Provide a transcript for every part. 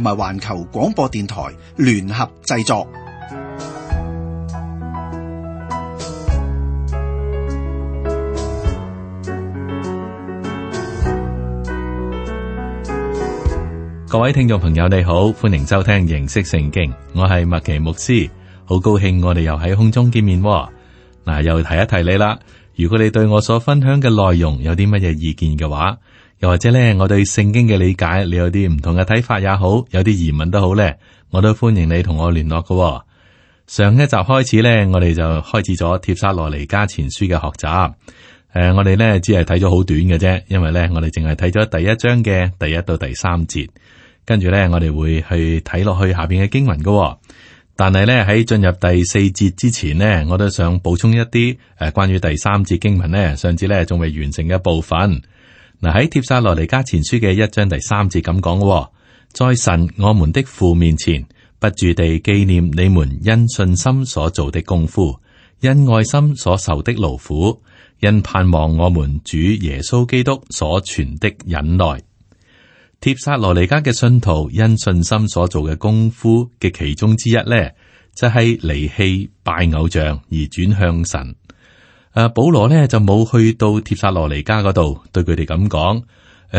同埋環球廣播電台聯合製作。各位聽眾朋友，你好，歡迎收聽認識聖經，我係麥奇牧師，好高興我哋又喺空中見面。嗱，又提一提你啦，如果你對我所分享嘅內容有啲乜嘢意見嘅話，又或者咧，我對聖經嘅理解，你有啲唔同嘅睇法也好，有啲疑問都好咧，我都歡迎你同我聯絡㗎喎。上一集開始咧，我哋就開始咗帖撒羅尼迦前書嘅學習。誒、呃，我哋咧只係睇咗好短嘅啫，因為咧我哋淨係睇咗第一章嘅第一到第三節，跟住咧我哋會去睇落去下邊嘅經文㗎喎。但係咧喺進入第四節之前呢，我都想補充一啲誒關於第三節經文咧，上次咧仲未完成嘅部分。嗱，喺帖撒羅尼迦前書嘅一章第三節咁講喎，在神我們的父面前，不住地紀念你們因信心所做的功夫，因愛心所受的勞苦，因盼望我們主耶穌基督所存的忍耐。帖撒羅尼迦嘅信徒因信心所做嘅功夫嘅其中之一咧，就係離棄拜偶像而轉向神。誒、啊，保羅咧就冇去到帖撒羅尼迦嗰度對佢哋咁講，誒、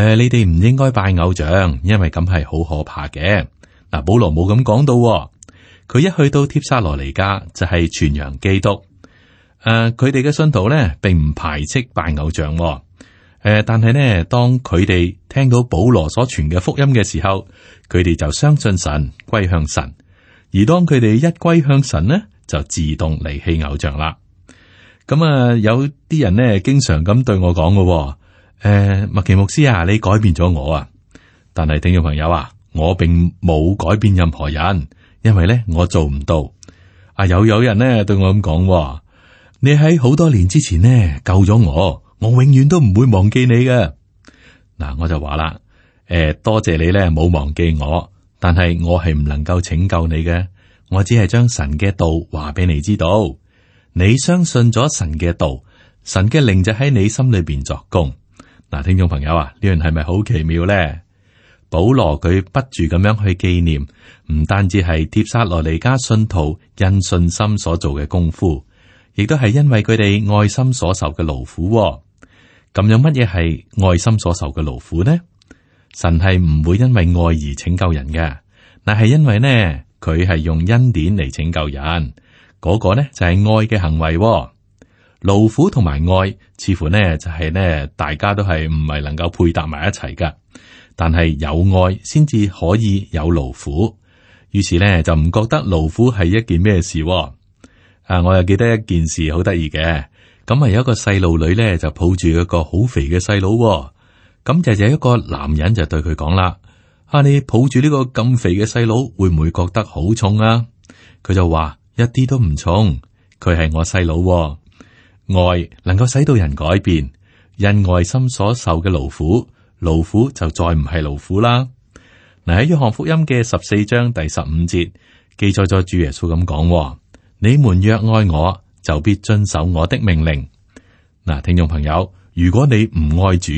啊，你哋唔應該拜偶像，因為咁係好可怕嘅。嗱、啊，保羅冇咁講到，佢、啊、一去到帖撒羅尼迦就係傳揚基督。誒、啊，佢哋嘅信徒咧並唔排斥拜偶像，誒、啊，但係呢，當佢哋聽到保羅所傳嘅福音嘅時候，佢哋就相信神，歸向神，而當佢哋一歸向神呢，就自動離棄偶像啦。咁啊、嗯，有啲人咧，經常咁對我講嘅、哦，誒、欸，麥奇牧師啊，你改變咗我啊，但係聽眾朋友啊，我並冇改變任何人，因為咧，我做唔到。啊，有有人咧對我咁講、哦，你喺好多年之前呢救咗我，我永遠都唔會忘記你嘅。嗱，我就話啦，誒、欸，多謝你咧冇忘記我，但係我係唔能夠拯救你嘅，我只係將神嘅道話俾你知道。你相信咗神嘅道，神嘅靈就喺你心裏邊作工。嗱，聽眾朋友啊，呢樣係咪好奇妙咧？保羅佢不住咁樣去紀念，唔單止係帖撒羅尼迦信徒因信心所做嘅功夫，亦都係因為佢哋愛心所受嘅勞苦。咁有乜嘢係愛心所受嘅勞苦呢？神係唔會因為愛而拯救人嘅，但係因為呢佢係用恩典嚟拯救人。嗰個呢就係、是、愛嘅行為、哦，勞苦同埋愛似乎呢就係、是、呢，大家都係唔係能夠配搭埋一齊㗎。但係有愛先至可以有勞苦，於是呢就唔覺得勞苦係一件咩事、哦。啊，我又記得一件事好得意嘅，咁啊有一個細路女呢就抱住一個好肥嘅細佬，咁就就一個男人就對佢講啦：，啊，你抱住呢個咁肥嘅細佬會唔會覺得好重啊？佢就話。一啲都唔重，佢係我細佬、哦。愛能夠使到人改變，因愛心所受嘅勞苦，勞苦就再唔係勞苦啦。嗱喺、嗯、約翰福音嘅十四章第十五節記載咗，主耶穌咁講：，你們若愛我，就必遵守我的命令。嗱，聽眾朋友，如果你唔愛主，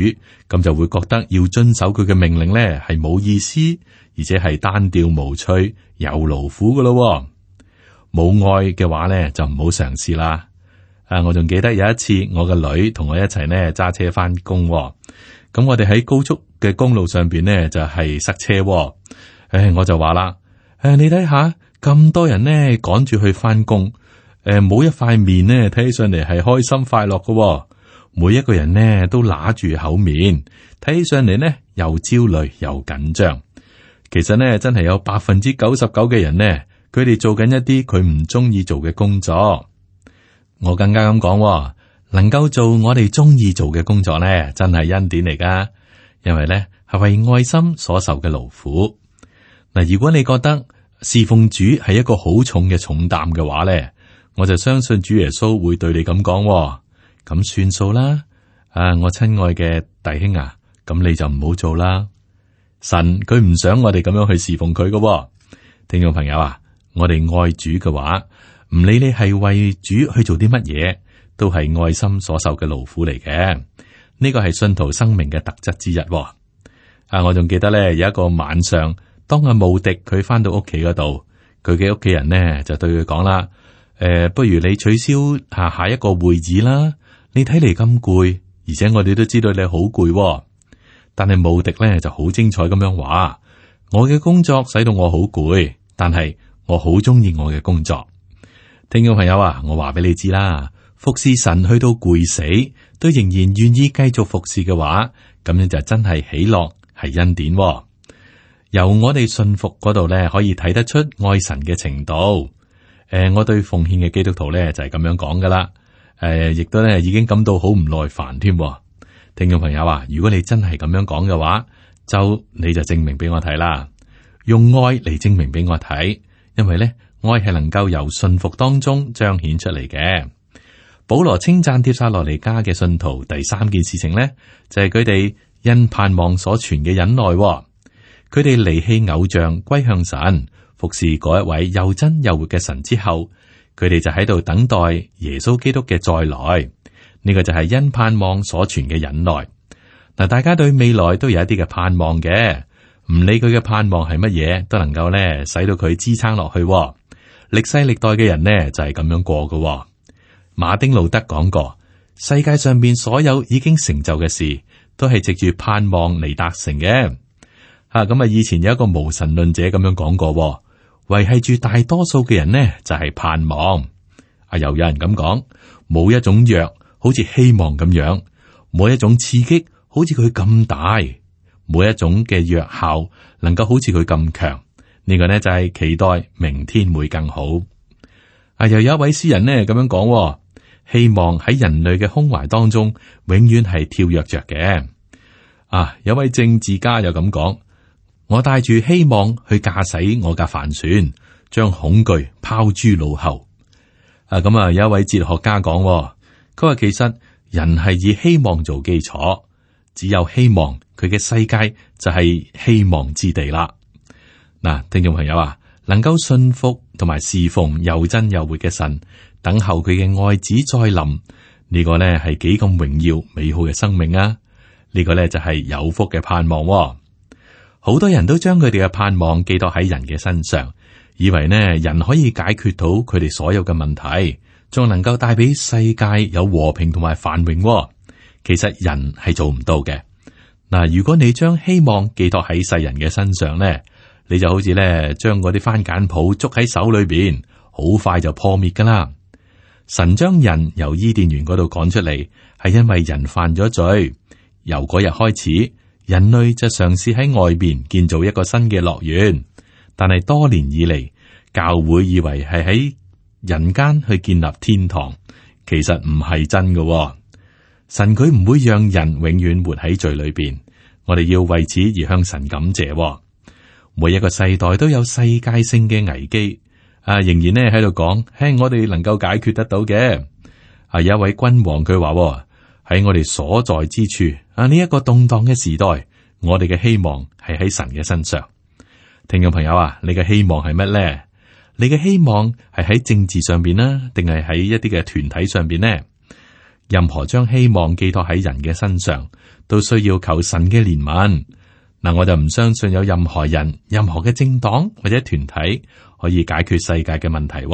咁就會覺得要遵守佢嘅命令咧，係冇意思，而且係單調無趣，有勞苦嘅咯、哦。冇愛嘅話咧，就唔好嘗試啦。誒，我仲記得有一次，我嘅女同我一齊咧揸車翻工、哦。咁我哋喺高速嘅公路上邊呢，就係、是、塞車、哦。誒，我就話啦，誒、呃，你睇下咁多人呢趕住去翻工，誒、呃，冇一塊面呢睇起上嚟係開心快樂嘅、哦。每一個人呢都揦住口面，睇起上嚟呢又焦慮又緊張。其實呢，真係有百分之九十九嘅人呢。佢哋做緊一啲佢唔中意做嘅工作，我更加咁講，能夠做我哋中意做嘅工作咧，真係恩典嚟噶。因為咧係為愛心所受嘅勞苦。嗱，如果你覺得侍奉主係一個好重嘅重擔嘅話咧，我就相信主耶穌會對你咁講，咁算數啦。啊，我親愛嘅弟兄啊，咁你就唔好做啦。神佢唔想我哋咁樣去侍奉佢噶，聽眾朋友啊。我哋愛主嘅話，唔理你係為主去做啲乜嘢，都係愛心所受嘅勞苦嚟嘅。呢個係信徒生命嘅特質之一，哦。啊，我仲記得咧，有一個晚上，當阿慕迪佢翻到屋企嗰度，佢嘅屋企人咧就對佢講啦：誒、呃，不如你取消下下一個會議啦。你睇嚟咁攰，而且我哋都知道你好攰、哦，但係慕迪咧就好精彩咁樣話：我嘅工作使到我好攰，但係，我好中意，我嘅工作，聽眾朋友啊，我話俾你知啦，服侍神去到攰死，都仍然願意繼續服侍嘅話，咁樣就真係喜樂係恩典喎。由我哋信服嗰度咧，可以睇得出愛神嘅程度。誒、呃，我對奉獻嘅基督徒咧就係、是、咁樣講噶啦。誒、呃，亦都咧已經感到好唔耐煩添。聽眾朋友啊，如果你真係咁樣講嘅話，就你就證明俾我睇啦，用愛嚟證明俾我睇。因為咧，愛係能夠由信服當中彰顯出嚟嘅。保羅稱讚帖撒羅尼迦嘅信徒，第三件事情呢，就係佢哋因盼望所存嘅忍耐。佢哋離棄偶像，歸向神，服侍嗰一位又真又活嘅神之後，佢哋就喺度等待耶穌基督嘅再來。呢個就係因盼望所存嘅忍耐。嗱，大家對未來都有一啲嘅盼望嘅。唔理佢嘅盼望係乜嘢，都能夠咧使到佢支撐落去。歷世歷代嘅人呢，就係咁樣過㗎。馬丁路德講過，世界上面所有已經成就嘅事，都係藉住盼望嚟達成嘅。吓，咁啊，以前有一個無神論者咁樣講過，維繫住大多數嘅人呢，就係盼望。啊，又有人咁講，冇一種藥好似希望咁樣，冇一種刺激好似佢咁大。每一種嘅藥效能夠好似佢咁強，呢個呢就係期待明天會更好。啊，又有一位詩人呢，咁樣講，哦，希望喺人類嘅胸懷當中永遠係跳躍着嘅。啊，有位政治家又咁講，我帶住希望去駕駛我架帆船，將恐懼拋諸腦後。啊，咁啊，有一位哲學家講，哦，佢話其實人係以希望做基礎，只有希望。佢嘅世界就係希望之地啦。嗱，聽眾朋友啊，能夠信服同埋侍奉又真又活嘅神，等候佢嘅愛子再臨。呢個呢，係幾咁榮耀美好嘅生命啊。呢個呢，就係有福嘅盼望啊。好多人都將佢哋嘅盼望寄到喺人嘅身上，以為呢，人可以解決到佢哋所有嘅問題，仲能夠帶俾世界有和平同埋繁榮啊。其實人係做唔到嘅。嗱，如果你將希望寄託喺世人嘅身上咧，你就好似咧將嗰啲番梘泡捉喺手裏邊，好快就破滅噶啦。神將人由伊甸園嗰度趕出嚟，係因為人犯咗罪。由嗰日開始，人類就嘗試喺外邊建造一個新嘅樂園，但係多年以嚟，教會以為係喺人間去建立天堂，其實唔係真噶喎。神佢唔會讓人永遠活喺罪裏邊，我哋要為此而向神感謝、哦。每一個世代都有世界性嘅危機，啊，仍然呢喺度講，嘿、哎，我哋能夠解決得到嘅。啊，有一位君王佢話喎，喺我哋所在之處啊，呢、這、一個動盪嘅時代，我哋嘅希望係喺神嘅身上。聽眾朋友啊，你嘅希望係乜咧？你嘅希望係喺政治上邊啦、啊，定係喺一啲嘅團體上邊呢？任何將希望寄託喺人嘅身上，都需要求神嘅憐憫。嗱，我就唔相信有任何人、任何嘅政黨或者團體可以解決世界嘅問題。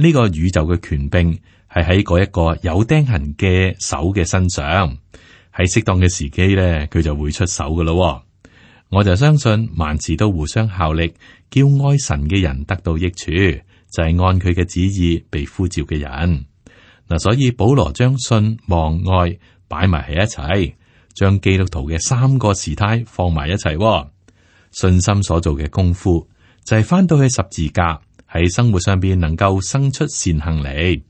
呢、這個宇宙嘅權柄係喺嗰一個有釘痕嘅手嘅身上，喺適當嘅時機咧，佢就會出手噶咯，我就相信萬事都互相效力，叫愛神嘅人得到益處，就係、是、按佢嘅旨意被呼召嘅人。嗱，所以保羅將信望愛擺埋喺一齊，將基督徒嘅三個時態放埋一齊。信心所做嘅功夫就係翻到去十字架，喺生活上邊能夠生出善行嚟。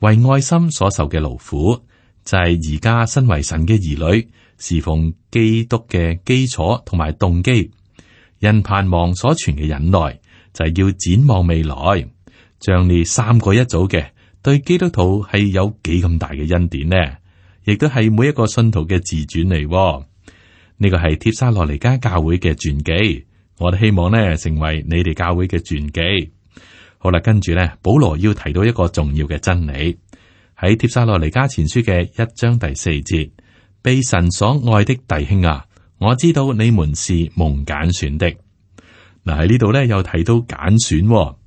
為愛心所受嘅勞苦就係而家身為神嘅兒女，侍奉基督嘅基礎同埋動機。因盼望所存嘅忍耐就係要展望未來，將呢三個一組嘅。對基督徒係有幾咁大嘅恩典呢？亦都係每一個信徒嘅自傳嚟，哦。呢，呢個係帖撒羅尼迦教會嘅傳記，我哋希望呢成為你哋教會嘅傳記。好啦，跟住呢，保羅要提到一個重要嘅真理，喺帖撒羅尼迦前書嘅一章第四節，被神所愛的弟兄啊，我知道你們是蒙揀選的。嗱喺呢度呢，又睇到揀選，哦。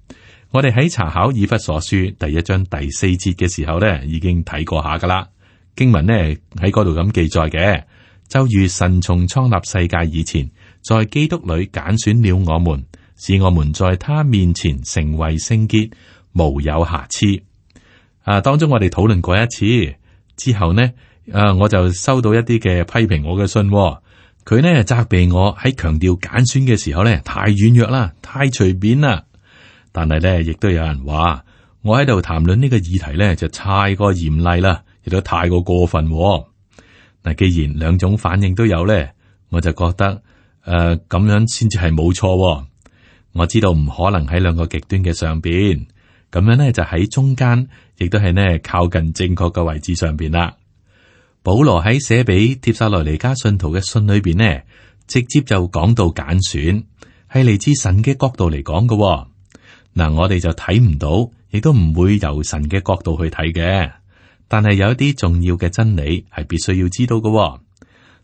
我哋喺查考以弗所書第一章第四節嘅時候咧，已經睇過下噶啦。經文咧喺嗰度咁記載嘅，就如神從創立世界以前，在基督裡揀選了我們，使我們在他面前成為聖潔，無有瑕疵。啊，當中我哋討論過一次之後呢，啊，我就收到一啲嘅批評我嘅信，哦，佢呢責備我喺強調揀選嘅時候咧太軟弱啦，太隨便啦。但係咧，亦都有人話我喺度談論呢個議題咧，就太過嚴厲啦，亦都太過過分。嗱，既然兩種反應都有咧，我就覺得誒咁、呃、樣先至係冇錯。我知道唔可能喺兩個極端嘅上邊咁樣咧，就喺中間，亦都係呢靠近正確嘅位置上邊啦。保羅喺寫俾帖撒羅尼迦信徒嘅信裏邊呢，直接就講到揀選係嚟自神嘅角度嚟講噶。嗱，我哋就睇唔到，亦都唔會由神嘅角度去睇嘅。但係有一啲重要嘅真理係必須要知道嘅。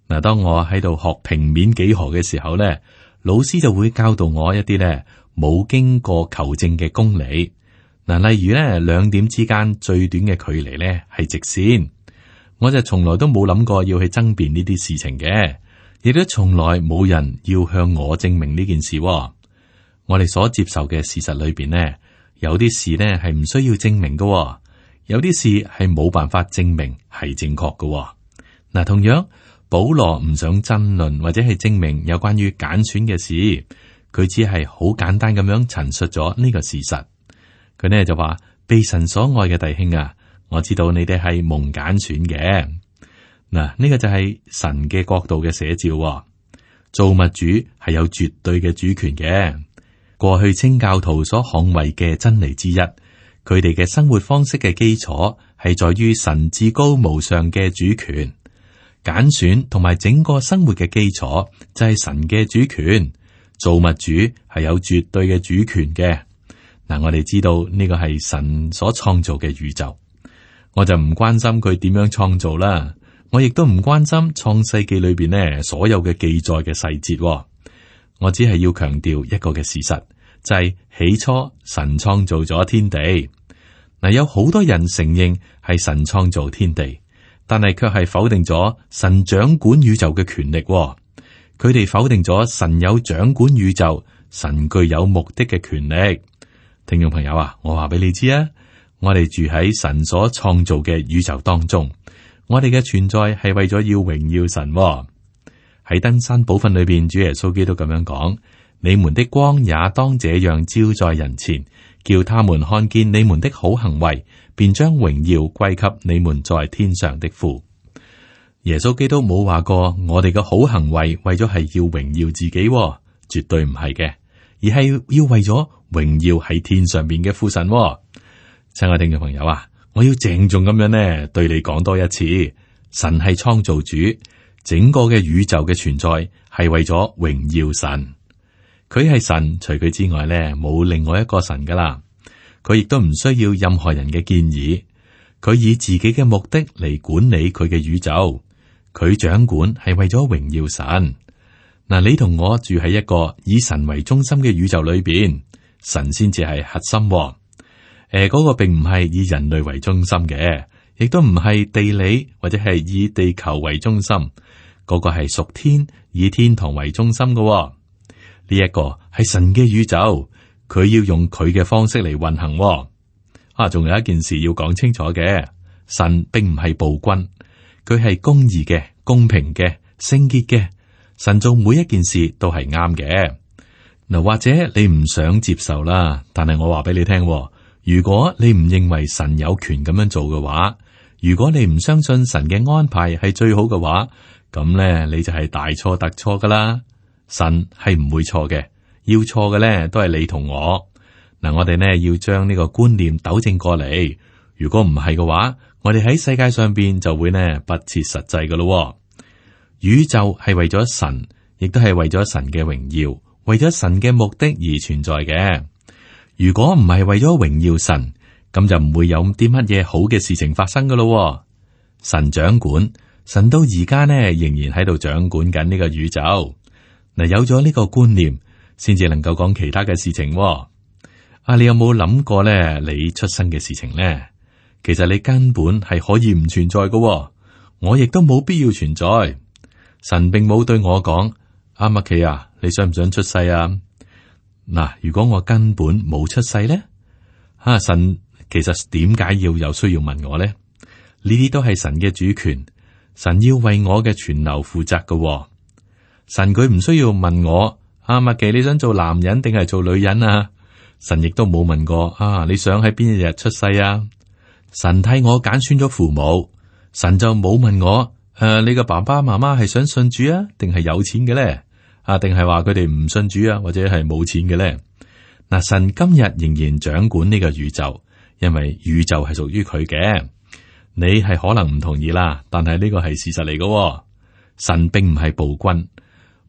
嗱，當我喺度學平面幾何嘅時候咧，老師就會教導我一啲咧冇經過求證嘅公理。嗱，例如咧兩點之間最短嘅距離咧係直線。我就從來都冇諗過要去爭辯呢啲事情嘅，亦都從來冇人要向我證明呢件事，哦。我哋所接受嘅事實裏邊呢，有啲事呢係唔需要證明嘅，哦，有啲事係冇辦法證明係正確嘅。嗱，同樣保羅唔想爭論或者係證明有關於揀選嘅事，佢只係好簡單咁樣陳述咗呢個事實。佢呢就話，被神所愛嘅弟兄啊，我知道你哋係蒙揀選嘅。嗱，呢個就係神嘅角度嘅寫照，哦。造物主係有絕對嘅主權嘅。過去清教徒所捍衛嘅真理之一，佢哋嘅生活方式嘅基礎係在於神至高無上嘅主權揀選，同埋整個生活嘅基礎就係神嘅主權。造物主係有絕對嘅主權嘅。嗱，我哋知道呢個係神所創造嘅宇宙，我就唔關心佢點樣創造啦。我亦都唔關心創世紀裏邊呢所有嘅記載嘅細節。我只係要強調一個嘅事實，就係起初神創造咗天地。嗱,有好多人承認係神創造天地，但係卻係否定咗神掌管宇宙嘅權力。佢哋否定咗神有掌管宇宙、神具有目的嘅權力。聽眾朋友啊，我話俾你知啊，我哋住喺神所創造嘅宇宙當中，我哋嘅存在係為咗要榮耀神啊。喺登山寶訓裏邊，主耶穌基督咁樣講：你們的光也當這樣照在人前，叫他們看見你們的好行為，便將榮耀歸給你們在天上的父。耶穌基督冇話過我哋嘅好行為為咗係要榮耀自己，絕對唔係嘅，而係要為咗榮耀喺天上面嘅父神。親愛的聽眾朋友啊，我要鄭重咁樣呢，對你講多一次：神係創造主。整個嘅宇宙嘅存在係為咗榮耀神，佢係神，除佢之外咧冇另外一個神噶啦，佢亦都唔需要任何人嘅建議，佢以自己嘅目的嚟管理佢嘅宇宙，佢掌管係為咗榮耀神。嗱，你同我住喺一個以神為中心嘅宇宙裏邊，神先至係核心，誒、呃，嗰、那個並唔係以人類為中心嘅。亦都唔係地理或者係以地球為中心，嗰、那個係屬天，以天堂為中心嘅、哦。呢、這、一個係神嘅宇宙，佢要用佢嘅方式嚟運行、哦。啊，仲有一件事要講清楚嘅，神並唔係暴君，佢係公義嘅、公平嘅、聖潔嘅。神做每一件事都係啱嘅。嗱，或者你唔想接受啦，但係我話俾你聽，如果你唔認為神有權咁樣做嘅話，如果你唔相信神嘅安排係最好嘅話，咁咧你就係大錯特錯噶啦。神係唔會錯嘅，要錯嘅咧都係你同我。嗱，我哋咧要將呢個觀念糾正過嚟。如果唔係嘅話，我哋喺世界上邊就會咧不切實際嘅咯。宇宙係為咗神，亦都係為咗神嘅榮耀，為咗神嘅目的而存在嘅。如果唔係為咗榮耀神。咁就唔會有啲乜嘢好嘅事情發生噶咯、哦。神掌管，神到而家呢，仍然喺度掌管緊呢個宇宙。嗱、啊，有咗呢個觀念，先至能夠講其他嘅事情、哦。阿、啊、你有冇諗過呢？你出生嘅事情呢？其實你根本係可以唔存在噶、哦，我亦都冇必要存在。神並冇對我講，阿、啊、麥企琪啊，你想唔想出世啊？嗱、啊，如果我根本冇出世呢？啊，神。其實點解要有需要問我咧？呢啲都係神嘅主權，神要為我嘅存留負責嘅、哦。神佢唔需要問我阿、啊、麥琪，你想做男人定係做女人啊？神亦都冇問過啊。你想喺邊一日出世啊？神替我揀選咗父母，神就冇問我誒、啊。你個爸爸媽媽係想信主啊，定係有錢嘅咧？啊，定係話佢哋唔信主啊，或者係冇錢嘅咧？嗱、啊，神今日仍然掌管呢個宇宙。因為宇宙係屬於佢嘅，你係可能唔同意啦，但係呢個係事實嚟嘅喎。神並唔係暴君，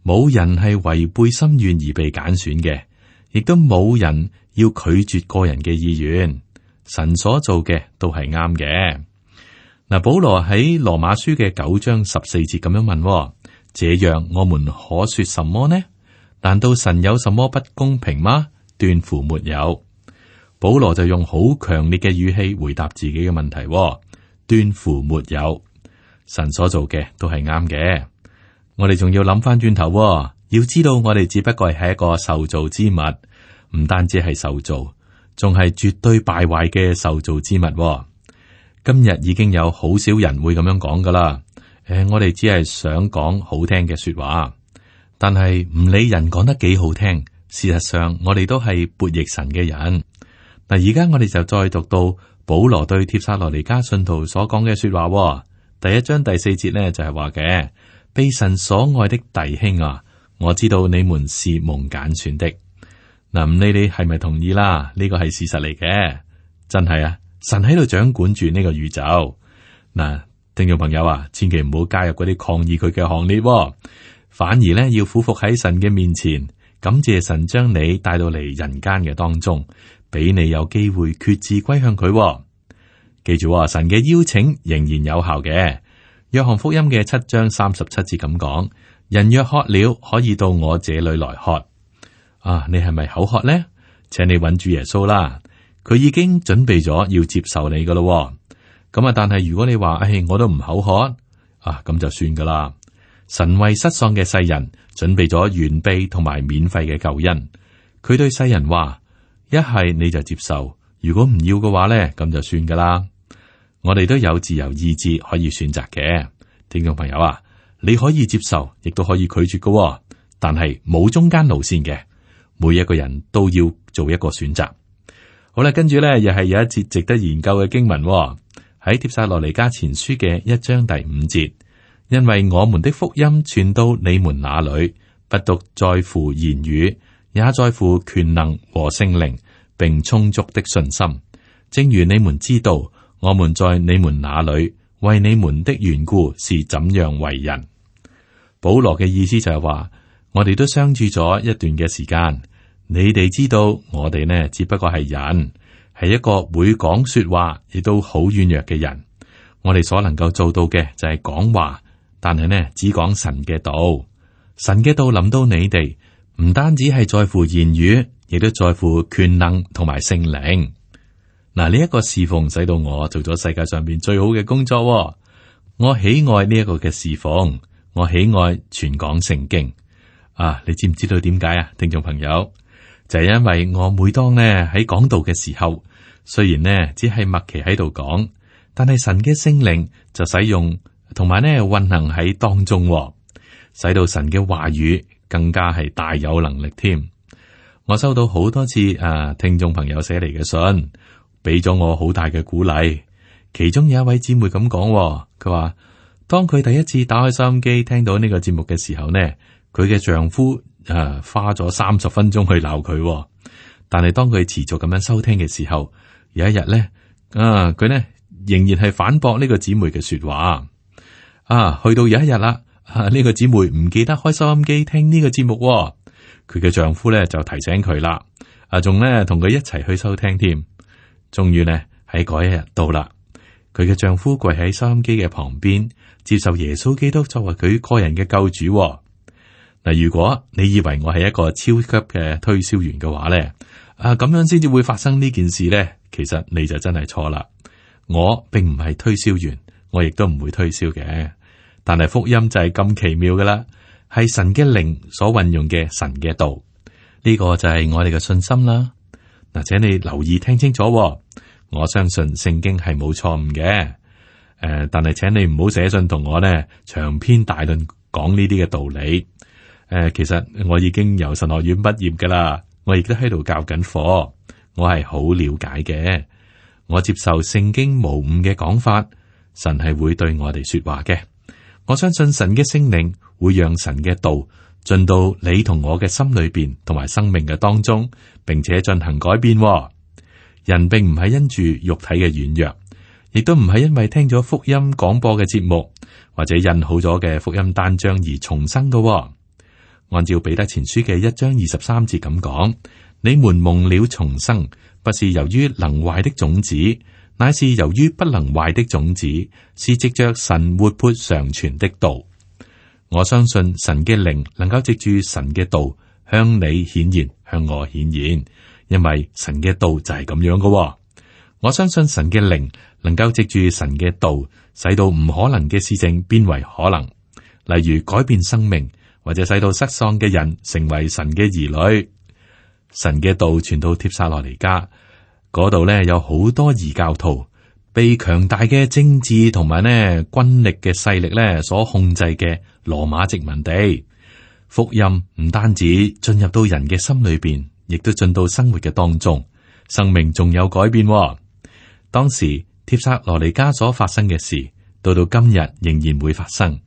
冇人係違背心願而被揀選嘅，亦都冇人要拒絕個人嘅意願。神所做嘅都係啱嘅。嗱，保羅喺羅馬書嘅九章十四節咁樣問喎：「這樣我們可說什麼呢？難道神有什麼不公平嗎？斷乎沒有。保羅就用好強烈嘅語氣回答自己嘅問題、哦，端乎沒有，神所做嘅都係啱嘅。我哋仲要諗翻轉頭、哦，要知道我哋只不過係一個受造之物，唔單止係受造，仲係絕對敗壞嘅受造之物、哦。今日已經有好少人會咁樣講噶啦。誒，我哋只係想講好聽嘅說話，但係唔理人講得幾好聽，事實上我哋都係悖逆神嘅人。嗱，而家我哋就再讀到保羅對帖撒羅尼迦信徒所講嘅說話，第一章第四節咧就係話嘅，被神所愛的弟兄啊，我知道你們是蒙揀選的。嗱，呢啲係咪同意啦？呢個係事實嚟嘅，真係啊！神喺度掌管住呢個宇宙。嗱，聽眾朋友啊，千祈唔好加入嗰啲抗議佢嘅行列，哦，反而咧要俯伏喺神嘅面前，感謝神將你帶到嚟人間嘅當中。俾你有機會決志歸向佢。哦，記住、哦、神嘅邀請仍然有效嘅。約翰福音嘅七章三十七節咁講：人若渴了，可以到我這裏來喝。啊，你係咪口渴呢？請你揾住耶穌啦，佢已經準備咗要接受你噶啦。咁啊，但係如果你話唉、哎，我都唔口渴啊，咁就算噶啦。神為失喪嘅世人準備咗完備同埋免費嘅救恩，佢對世人話。一係你就接受，如果唔要嘅話咧，咁就算噶啦。我哋都有自由意志可以選擇嘅，聽眾朋友啊，你可以接受，亦都可以拒絕嘅、哦。但係冇中間路綫嘅，每一個人都要做一個選擇。好啦，跟住咧，又係有一節值得研究嘅經文、哦，喺帖撒羅尼迦前書嘅一章第五節，因為我們的福音傳到你們那裏，不獨在乎言語。也在乎權能和聖靈，並充足的信心。正如你們知道，我們在你們那裏為你們的緣故是怎樣為人。保羅嘅意思就係話，我哋都相處咗一段嘅時間，你哋知道我哋呢，只不過係人，係一個會講說話，亦都好軟弱嘅人。我哋所能夠做到嘅就係講話，但係呢，只講神嘅道，神嘅道臨到你哋。唔單止係在乎言語，亦都在乎權能同埋聖靈。嗱，呢一個侍奉使到我做咗世界上面最好嘅工作。我喜愛呢一個嘅侍奉，我喜愛全講聖經。啊，你知唔知道點解啊？聽眾朋友，就係因為我每當呢喺講道嘅時候，雖然呢只係默奇喺度講，但係神嘅聖靈就使用同埋呢運行喺當中，使到神嘅話語。更加係大有能力添。我收到好多次啊，聽眾朋友寫嚟嘅信，俾咗我好大嘅鼓勵。其中有一位姊妹咁講，佢話當佢第一次打開收音機聽到呢個節目嘅時候呢，佢嘅丈夫啊花咗三十分鐘去鬧佢，但係當佢持續咁樣收聽嘅時候，有一日、啊、呢啊佢呢仍然係反駁呢個姊妹嘅說話啊，去到有一日啦。啊！呢個姊妹唔記得開收音機聽呢個節目，喎，佢嘅丈夫咧就提醒佢啦，啊仲咧同佢一齊去收聽添。終於呢，喺嗰一日到啦，佢嘅丈夫跪喺收音機嘅旁邊，接受耶穌基督作為佢個人嘅救主，喎。嗱，啊，如果你以為我係一個超級嘅推銷員嘅話咧，啊咁樣先至會發生呢件事咧，其實你就真係錯啦。我並唔係推銷員，我亦都唔會推銷嘅。但係福音就係咁奇妙噶啦，係神嘅靈所運用嘅神嘅道呢、這個就係我哋嘅信心啦。嗱，請你留意聽清楚、哦，我相信聖經係冇錯誤嘅。誒、呃，但係請你唔好寫信同我呢長篇大論講呢啲嘅道理。誒、呃，其實我已經由神學院畢業噶啦，我亦都喺度教緊課，我係好了解嘅。我接受聖經無誤嘅講法，神係會對我哋說話嘅。我相信神嘅聖靈會讓神嘅道進到你同我嘅心裏邊，同埋生命嘅當中，並且進行改變、哦。人並唔係因住肉體嘅軟弱，亦都唔係因為聽咗福音廣播嘅節目或者印好咗嘅福音單張而重生嘅、哦。按照彼得前書嘅一章二十三節咁講，你們蒙了重生，不是由於能壞的種子。乃是由於不能壞的種子，是藉着神活潑常存的道。我相信神嘅靈能夠藉住神嘅道向你顯現，向我顯現，因為神嘅道就係咁樣噶。我相信神嘅靈能夠藉住神嘅道，使到唔可能嘅事情變為可能，例如改變生命，或者使到失喪嘅人成為神嘅兒女。神嘅道傳到帖撒羅尼迦。嗰度咧，有好多異教徒，被強大嘅政治同埋咧軍力嘅勢力咧所控制嘅羅馬殖民地。福音唔單止進入到人嘅心裏邊，亦都進到生活嘅當中，生命仲有改變，哦。當時帖撒羅尼迦所發生嘅事，到到今日仍然會發生。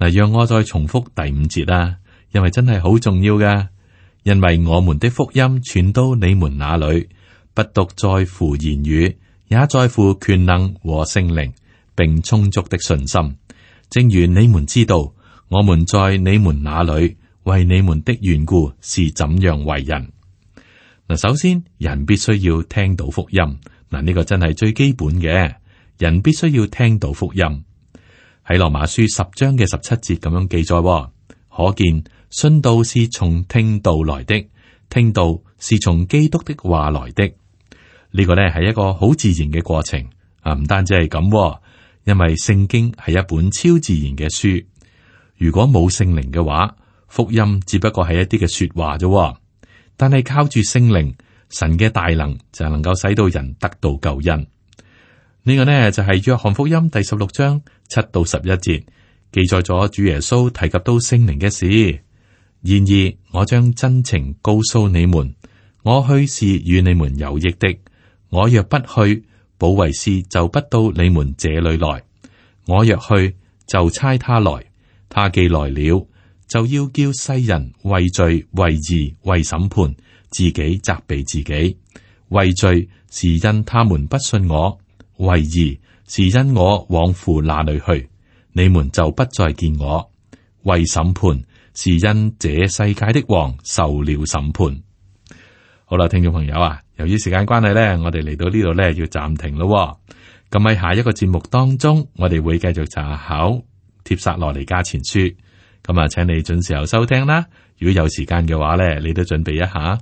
嗱，讓我再重複第五節啦，啊，因為真係好重要噶，因為我們的福音傳到你們那裏。不獨在乎言語，也在乎權能和聖靈，並充足的信心。正如你們知道，我們在你們那裏為你們的緣故是怎樣為人。嗱，首先人必須要聽到福音，嗱，呢個真係最基本嘅。人必須要聽到福音，喺、這個、羅馬書十章嘅十七節咁樣記載，可見信道是從聽道來的，聽道是從基督的話來的。呢個呢係一個好自然嘅過程啊！唔單止係咁，因為聖經係一本超自然嘅書。如果冇聖靈嘅話，福音只不過係一啲嘅說話啫。但係靠住聖靈，神嘅大能就能夠使到人得到救恩。呢個呢就係約翰福音第十六章七到十一節記載咗主耶穌提及到聖靈嘅事。然而，我將真情告訴你們，我去是與你們有益的。我若不去，保惠師就不到你們這裏來；我若去，就差他來。他既來了，就要叫世人為罪、為義、為審判，自己責備自己。為罪是因他們不信我；為義是因我往父那裏去，你們就不再見我。為審判是因這世界的王受了審判。好啦，聽眾朋友啊。由於時間關係咧，我哋嚟到呢度咧要暫停咯。咁喺下一個節目當中，我哋會繼續查考《帖撒羅尼迦前書》。咁啊，請你準時候收聽啦。如果有時間嘅話咧，你都準備一下。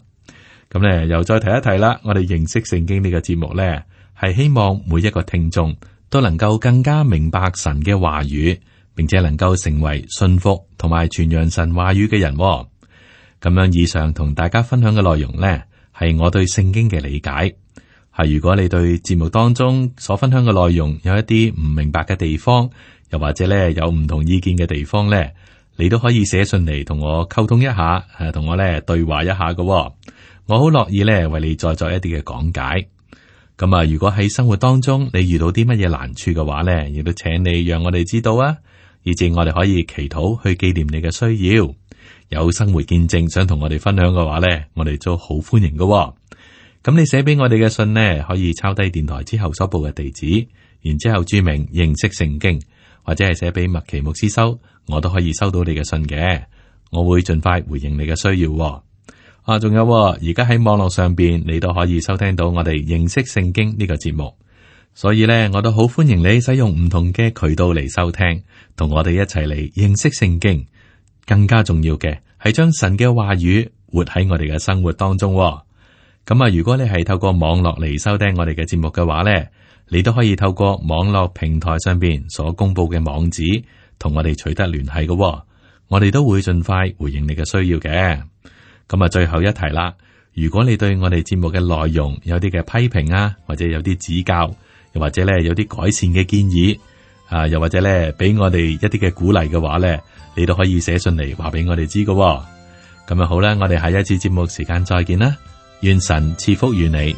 咁咧又再提一提啦。我哋認識聖經、這個、節呢個節目咧，係希望每一個聽眾都能夠更加明白神嘅話語，並且能夠成為信服同埋傳揚神話語嘅人。咁樣以上同大家分享嘅內容咧，係我對聖經嘅理解，係如果你對節目當中所分享嘅內容有一啲唔明白嘅地方，又或者咧有唔同意見嘅地方咧，你都可以寫信嚟同我溝通一下，同我咧對話一下嘅。我好樂意咧為你再做一啲嘅講解。咁啊，如果喺生活當中你遇到啲乜嘢難處嘅話咧，亦都請你讓我哋知道啊，以至我哋可以祈禱去紀念你嘅需要。有生活見證想同我哋分享嘅話呢，我哋都好歡迎噶、哦。咁你寫俾我哋嘅信呢，可以抄低電台之後所報嘅地址，然之後注明認識聖經，或者係寫俾麥奇牧師收，我都可以收到你嘅信嘅。我會盡快回應你嘅需要、哦。啊，仲有、哦，而家喺網絡上邊，你都可以收聽到我哋認識聖經呢個節目。所以呢，我都好歡迎你使用唔同嘅渠道嚟收聽，同我哋一齊嚟認識聖經。更加重要嘅係將神嘅話語活喺我哋嘅生活當中。咁啊，如果你係透過網絡嚟收聽我哋嘅節目嘅話呢，你都可以透過網絡平台上邊所公布嘅網址，同我哋取得聯繫嘅、哦。我哋都會盡快回應你嘅需要嘅。咁啊，最後一題啦，如果你對我哋節目嘅內容有啲嘅批評啊，或者有啲指教，又或者咧有啲改善嘅建議啊，又或者咧俾我哋一啲嘅鼓勵嘅話呢。你都可以寫信嚟話畀我哋知㗎，咁樣好啦。我哋下一次節目時間再見啦，願神賜福於你。